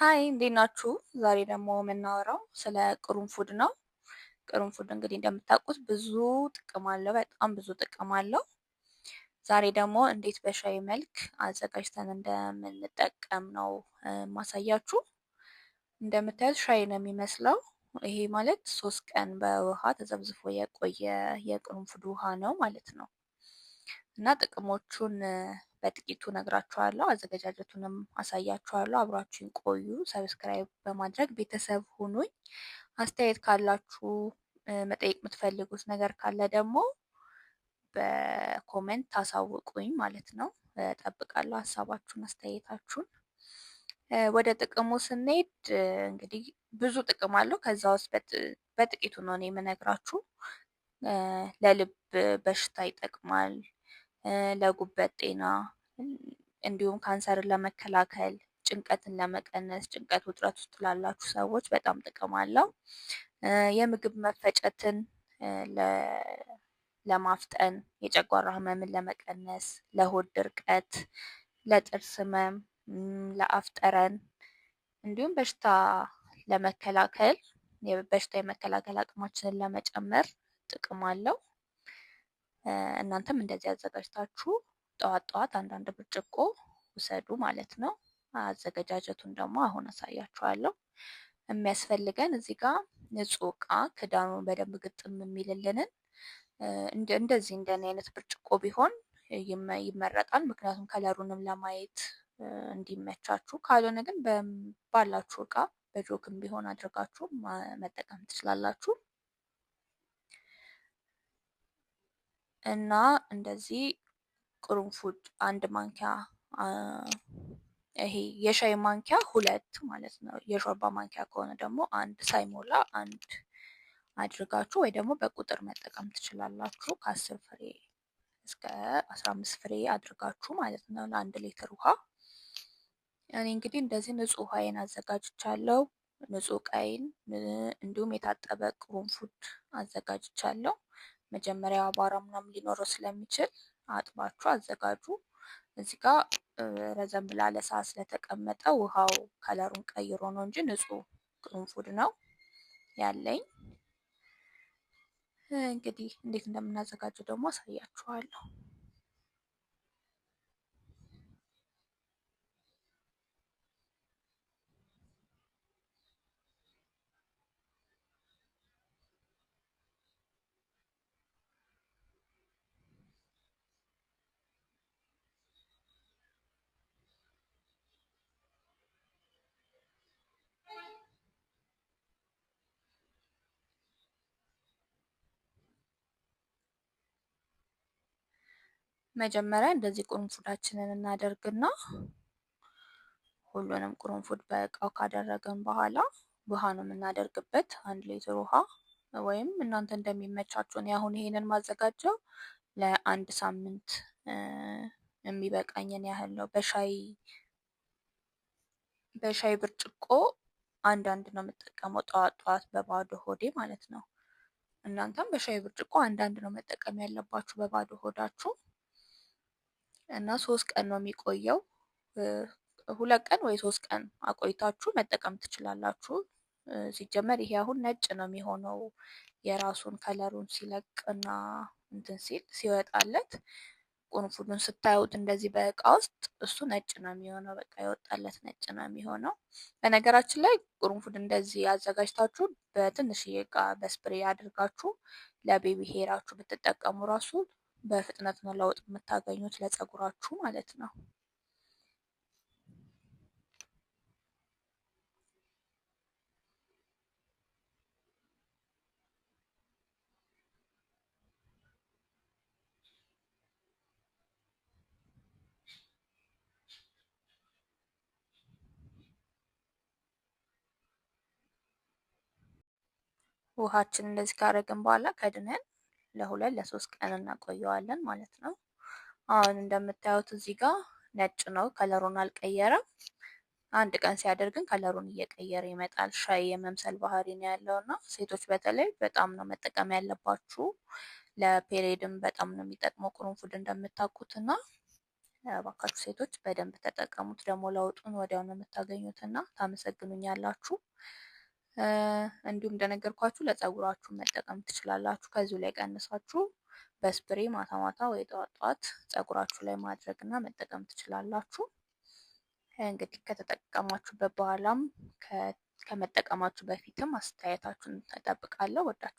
ሀይ እንዴት ናችሁ? ዛሬ ደግሞ የምናወራው ስለ ቅርንፉድ ነው። ቅርንፉድ እንግዲህ እንደምታውቁት ብዙ ጥቅም አለው፣ በጣም ብዙ ጥቅም አለው። ዛሬ ደግሞ እንዴት በሻይ መልክ አዘጋጅተን እንደምንጠቀም ነው ማሳያችሁ። እንደምታዩት ሻይ ነው የሚመስለው። ይሄ ማለት ሶስት ቀን በውሃ ተዘብዝፎ የቆየ የቅርንፉድ ውሃ ነው ማለት ነው እና ጥቅሞቹን በጥቂቱ ነግራችኋለሁ። አዘገጃጀቱንም አሳያችኋለሁ። አብራችሁን ቆዩ። ሰብስክራይብ በማድረግ ቤተሰብ ሁኑኝ። አስተያየት ካላችሁ፣ መጠየቅ የምትፈልጉት ነገር ካለ ደግሞ በኮሜንት ታሳውቁኝ ማለት ነው። ጠብቃለሁ ሀሳባችሁን፣ አስተያየታችሁን። ወደ ጥቅሙ ስንሄድ እንግዲህ ብዙ ጥቅም አለው። ከዛ ውስጥ በጥቂቱ ነው እኔ የምነግራችሁ። ለልብ በሽታ ይጠቅማል። ለጉበት ጤና እንዲሁም ካንሰርን ለመከላከል ጭንቀትን ለመቀነስ ጭንቀት ውጥረት ውስጥ ላላችሁ ሰዎች በጣም ጥቅም አለው። የምግብ መፈጨትን ለማፍጠን፣ የጨጓራ ህመምን ለመቀነስ፣ ለሆድ ድርቀት፣ ለጥርስ ህመም፣ ለአፍጠረን እንዲሁም በሽታ ለመከላከል በሽታ የመከላከል አቅማችንን ለመጨመር ጥቅም አለው። እናንተም እንደዚህ አዘጋጅታችሁ ጠዋት ጠዋት አንዳንድ ብርጭቆ ውሰዱ ማለት ነው። አዘገጃጀቱን ደግሞ አሁን አሳያችኋለሁ። የሚያስፈልገን እዚህ ጋር ንጹህ እቃ ክዳኑን በደንብ ግጥም የሚልልንን እንደዚህ እንደኔ አይነት ብርጭቆ ቢሆን ይመረጣል። ምክንያቱም ከለሩንም ለማየት እንዲመቻችሁ፣ ካልሆነ ግን ባላችሁ እቃ በጆክም ቢሆን አድርጋችሁ መጠቀም ትችላላችሁ። እና እንደዚህ ቅርንፉድ አንድ ማንኪያ ይሄ የሻይ ማንኪያ ሁለት ማለት ነው። የሾርባ ማንኪያ ከሆነ ደግሞ አንድ ሳይሞላ አንድ አድርጋችሁ ወይ ደግሞ በቁጥር መጠቀም ትችላላችሁ። ከአስር ፍሬ እስከ አስራ አምስት ፍሬ አድርጋችሁ ማለት ነው ለአንድ ሊትር ውሃ። እኔ እንግዲህ እንደዚህ ንጹህ ውሃዬን አዘጋጅቻለሁ። ንጹህ ቀይን እንዲሁም የታጠበ ቅርንፉድ አዘጋጅቻለሁ። መጀመሪያ አቧራ ምናምን ሊኖረው ስለሚችል አጥባችሁ አዘጋጁ። እዚህ ጋር ረዘም ብላ ሰዓት ስለተቀመጠ ውሃው ከለሩን ቀይሮ ነው እንጂ ንጹህ ቅርንፉድ ነው ያለኝ። እንግዲህ እንዴት እንደምናዘጋጀው ደግሞ አሳያችኋለሁ። መጀመሪያ እንደዚህ ቁርንፉዳችንን እናደርግና ሁሉንም ቁርንፉድ በእቃው ካደረግን በኋላ ውሃ ነው የምናደርግበት። አንድ ሊትር ውሃ ወይም እናንተ እንደሚመቻችሁን። አሁን ይሄንን ማዘጋጀው ለአንድ ሳምንት የሚበቃኝን ያህል ነው። በሻይ በሻይ ብርጭቆ አንዳንድ ነው የምጠቀመው፣ ጠዋት ጠዋት በባዶ ሆዴ ማለት ነው። እናንተም በሻይ ብርጭቆ አንዳንድ ነው መጠቀም ያለባችሁ በባዶ ሆዳችሁ። እና ሶስት ቀን ነው የሚቆየው። ሁለት ቀን ወይ ሶስት ቀን አቆይታችሁ መጠቀም ትችላላችሁ። ሲጀመር ይሄ አሁን ነጭ ነው የሚሆነው የራሱን ከለሩን ሲለቅ እና እንትን ሲል ሲወጣለት ቁንፉዱን ስታዩት እንደዚህ በእቃ ውስጥ እሱ ነጭ ነው የሚሆነው። በቃ የወጣለት ነጭ ነው የሚሆነው። በነገራችን ላይ ቁንፉድ እንደዚህ አዘጋጅታችሁ በትንሽዬ እቃ በስፕሬ አድርጋችሁ ለቤቢ ሄራችሁ ብትጠቀሙ ራሱ በፍጥነት ነው ለውጥ የምታገኙት ለፀጉራችሁ ማለት ነው። ውሃችን እንደዚህ ካደረግን በኋላ ከድነን ለሁለት ለሶስት ቀን እናቆየዋለን ማለት ነው። አሁን እንደምታዩት እዚህ ጋር ነጭ ነው፣ ከለሩን አልቀየረም። አንድ ቀን ሲያደርግን ከለሩን እየቀየረ ይመጣል። ሻይ የመምሰል ባህሪ ነው እና ሴቶች በተለይ በጣም ነው መጠቀም ያለባችሁ። ለፔሬድም በጣም ነው የሚጠቅመው ቅርንፉድ እና ባካችሁ ሴቶች በደንብ ተጠቀሙት። ደግሞ ለውጡን ወዲያው ነው የምታገኙትና ታመሰግኑኛላችሁ። እንዲሁም እንደነገርኳችሁ ለፀጉራችሁ መጠቀም ትችላላችሁ። ከዚሁ ላይ ቀንሳችሁ በስፕሬ ማታ ማታ ወይ ጠዋት ጠዋት ፀጉራችሁ ላይ ማድረግ እና መጠቀም ትችላላችሁ። እንግዲህ ከተጠቀማችሁበት በኋላም ከመጠቀማችሁ በፊትም አስተያየታችሁን እጠብቃለሁ። ወዳችሁ